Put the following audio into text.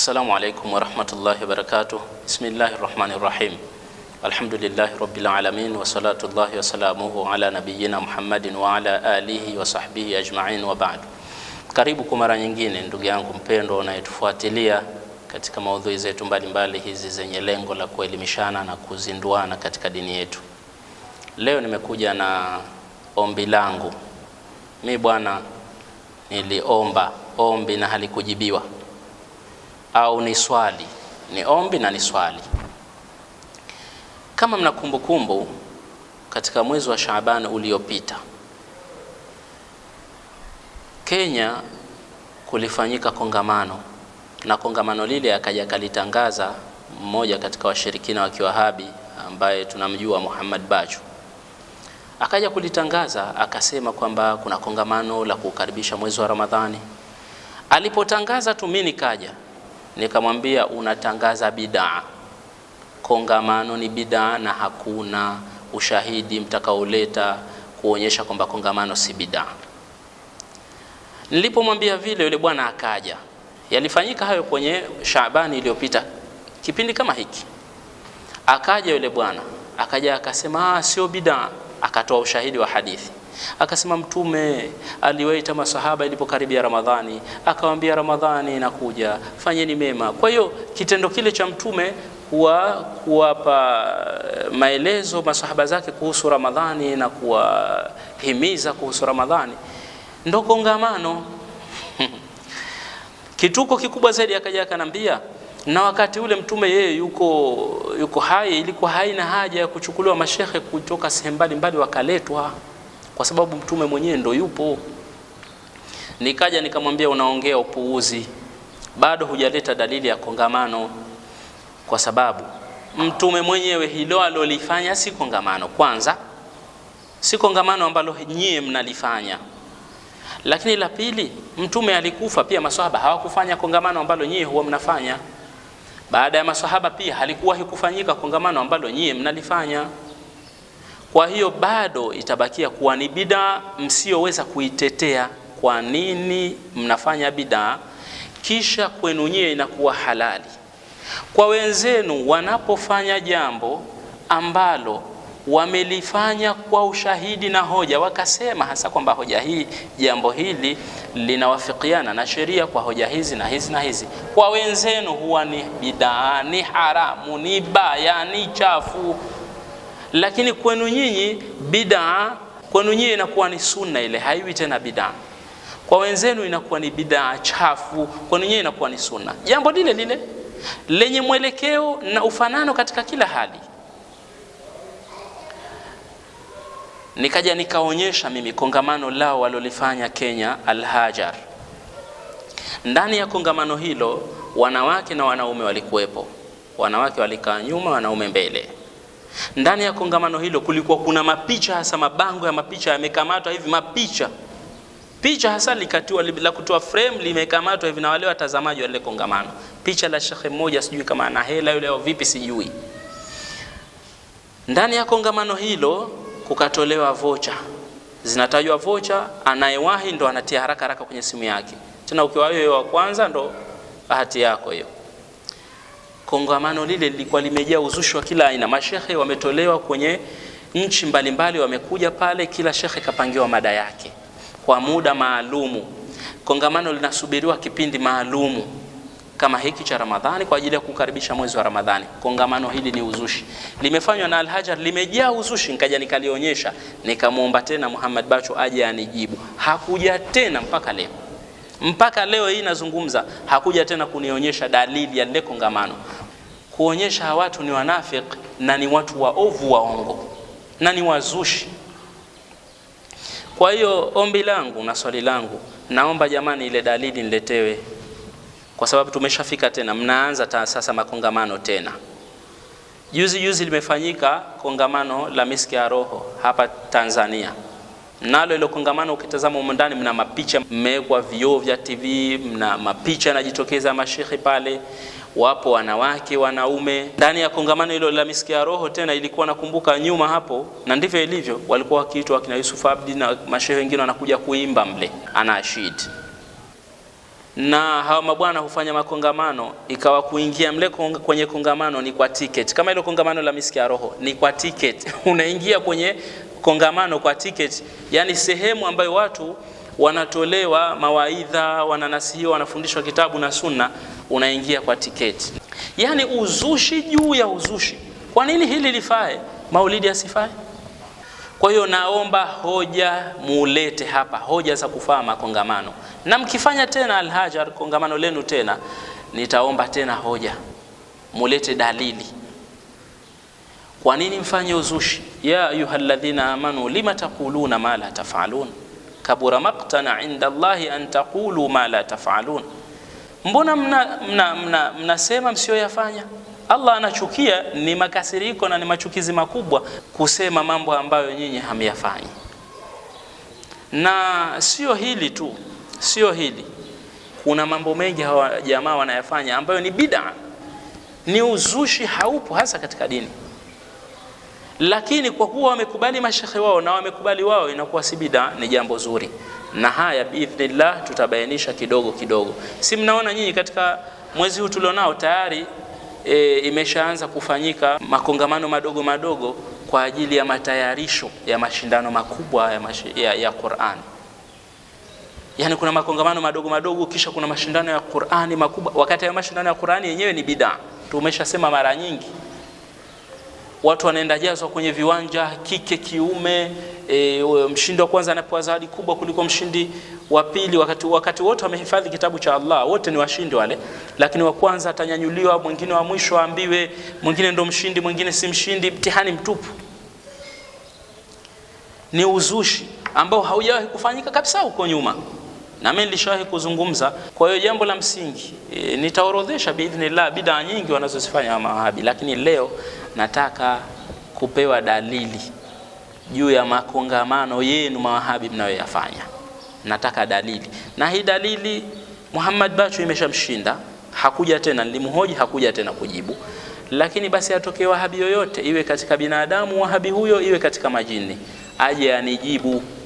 Assalamu alaikum warahmatullahi wabarakatuh. Bismillahi rahmani rahim. Alhamdulillahi rabbil alamin wasalatullahi wasalamuhu ala nabiyina Muhammadin wa ala alihi wa sahbihi ajmain wa ba'd. Karibu kwa mara nyingine, ndugu yangu mpendwa unayetufuatilia katika maudhui zetu mbalimbali hizi zenye lengo la kuelimishana na kuzinduana katika dini yetu. Leo nimekuja na ombi langu mi, bwana, niliomba ombi na halikujibiwa au ni swali, ni ombi na ni swali. Kama mna kumbukumbu, katika mwezi wa Shaaban uliopita Kenya kulifanyika kongamano na kongamano lile akaja akalitangaza mmoja katika washirikina wa Kiwahabi ambaye tunamjua Muhammad Bachu, akaja kulitangaza akasema kwamba kuna kongamano la kuukaribisha mwezi wa Ramadhani. Alipotangaza tu mimi nikaja Nikamwambia unatangaza bidaa, kongamano ni bidaa na hakuna ushahidi mtakaoleta kuonyesha kwamba kongamano si bidaa. Nilipomwambia vile, yule bwana akaja. Yalifanyika hayo kwenye Shaabani iliyopita kipindi kama hiki, akaja yule bwana akaja akasema, ah, sio bidaa, akatoa ushahidi wa hadithi Akasema Mtume aliwaita masahaba ilipokaribia Ramadhani, akawaambia Ramadhani inakuja, fanyeni mema. Kwa hiyo kitendo kile cha Mtume kuwa kuwapa eh, maelezo masahaba zake kuhusu Ramadhani na kuwahimiza kuhusu Ramadhani ndo kongamano kituko kikubwa zaidi. Akaja akanambia, na wakati ule mtume yeye yuko yuko hai, ilikuwa haina haja ya kuchukuliwa mashehe kutoka sehemu mbalimbali wakaletwa kwa sababu mtume mwenyewe ndo yupo. Nikaja nikamwambia unaongea upuuzi, bado hujaleta dalili ya kongamano, kwa sababu mtume mwenyewe hilo alolifanya si kongamano. Kwanza si kongamano ambalo nyie mnalifanya, lakini la pili, mtume alikufa pia, maswahaba hawakufanya kongamano ambalo nyie huwa mnafanya. Baada ya maswahaba pia halikuwahi kufanyika kongamano ambalo nyie mnalifanya. Kwa hiyo bado itabakia kuwa ni bidaa msiyoweza kuitetea. Kwa nini mnafanya bidaa kisha kwenu nyie inakuwa halali? Kwa wenzenu wanapofanya jambo ambalo wamelifanya kwa ushahidi na hoja, wakasema hasa kwamba hoja hii, jambo hili linawafikiana na sheria kwa hoja hizi na hizi na hizi, kwa wenzenu huwa ni bidaa, ni haramu, ni baya, ni chafu lakini kwenu nyinyi bidaa, kwenu nyinyi inakuwa ni sunna, ile haiwi tena bidaa. Kwa wenzenu inakuwa ni bidaa chafu, kwenu nyinyi inakuwa ni sunna, jambo lile lile lenye mwelekeo na ufanano katika kila hali. Nikaja nikaonyesha mimi kongamano lao walolifanya Kenya Alhajar. Ndani ya kongamano hilo wanawake na wanaume walikuwepo, wanawake walikaa nyuma, wanaume mbele. Ndani ya kongamano hilo kulikuwa kuna mapicha hasa, mabango ya mapicha yamekamatwa hivi, mapicha picha hasa likatiwa la kutoa frame limekamatwa hivi na wale watazamaji wa ile kongamano, picha la shekhe mmoja, sijui kama ana hela yule au vipi, sijui. Ndani ya kongamano hilo kukatolewa vocha, zinatajwa vocha, anayewahi ndo anatia haraka haraka kwenye simu yake, tena ukiwa wewe wa kwanza ndo bahati yako hiyo kongamano lile lilikuwa limejaa uzushi wa kila aina. Mashehe wametolewa kwenye nchi mbalimbali, wamekuja pale, kila shekhe kapangiwa mada yake kwa muda maalumu. Kongamano linasubiriwa kipindi maalumu kama hiki cha Ramadhani kwa ajili ya kukaribisha mwezi wa Ramadhani. Kongamano hili ni uzushi, limefanywa na Alhajar, limejaa uzushi. Nikaja nikalionyesha, nikamwomba tena Muhammad Bacho aje anijibu, hakuja tena mpaka leo. Mpaka leo hii nazungumza, hakuja tena kunionyesha dalili ya lile kongamano kuonyesha hawa watu ni wanafiq na ni watu waovu waongo na ni wazushi. Kwa hiyo ombi langu na swali langu, naomba jamani, ile dalili niletewe, kwa sababu tumeshafika tena, mnaanza ta sasa makongamano tena. Juzi juzi limefanyika kongamano la Miski ya Roho hapa Tanzania. Nalo ilo kongamano ukitazama humo ndani mna mapicha, mmewekwa vioo vya TV, mna mapicha yanajitokeza mashehe pale wapo wanawake, wanaume ndani ya kongamano hilo la misikia ya Roho. Tena ilikuwa nakumbuka nyuma hapo, na ndivyo ilivyo, walikuwa wakiitwa akina Yusuf Abdi na mashehe wengine wanakuja kuimba mle anaashid, na hawa mabwana hufanya makongamano, ikawa kuingia mle kwenye kongamano ni kwa ticket, kama ile kongamano la misikia ya Roho ni kwa ticket unaingia kwenye kongamano kwa ticket, yani sehemu ambayo watu wanatolewa mawaidha, wananasihiwa, wanafundishwa kitabu na Sunna unaingia kwa tiketi, yaani uzushi juu ya uzushi. Kwa nini hili lifae, maulidi asifae? Kwa hiyo naomba hoja mulete hapa, hoja za kufaa makongamano, na mkifanya tena Alhajar kongamano lenu tena, nitaomba tena hoja, mulete dalili kwa nini mfanye uzushi? ya ayuha alladhina amanu lima taquluna ma la tafalun kabura maqtana inda Allahi an taqulu ma la tafalun mbona mnasema mna, mna, mna msiyoyafanya? Allah anachukia ni makasiriko na ni machukizi makubwa kusema mambo ambayo nyinyi hamyafanyi. Na sio hili tu, sio hili, kuna mambo mengi hawa jamaa wanayafanya ambayo ni bid'a, ni uzushi haupo hasa katika dini lakini kwa kuwa wamekubali mashekhe wao na wamekubali wao, inakuwa si bid'a, ni jambo zuri. Na haya biidhnillah tutabainisha kidogo kidogo. Si mnaona nyinyi katika mwezi huu tulionao tayari e, imeshaanza kufanyika makongamano madogo madogo kwa ajili ya matayarisho ya mashindano makubwa ya, mash, ya, ya Qur'an. Yaani kuna makongamano madogo madogo kisha kuna mashindano ya Qur'ani makubwa, wakati ya mashindano ya Qur'ani yenyewe ni bida tumeshasema mara nyingi watu wanaenda jazwa kwenye viwanja kike kiume. E, mshindi wa kwanza anapewa zawadi kubwa kuliko mshindi wa pili, wakati wakati wote wamehifadhi kitabu cha Allah, wote ni washindi wale, lakini wa kwanza atanyanyuliwa, mwingine wa mwisho aambiwe, mwingine ndo mshindi, mwingine si mshindi. Mtihani mtupu, ni uzushi ambao haujawahi kufanyika kabisa huko nyuma na mimi nilishawahi kuzungumza. Kwa hiyo jambo la msingi e, nitaorodhesha biidhnillah bidaa nyingi wanazozifanya mawahabi, lakini leo nataka kupewa dalili juu ya makongamano yenu mawahabi mnayoyafanya. Nataka dalili, na hii dalili Muhammad Bachu imeshamshinda, hakuja tena. Nilimhoji hakuja tena kujibu, lakini basi atokee wahabi yoyote, iwe katika binadamu wahabi huyo, iwe katika majini, aje anijibu.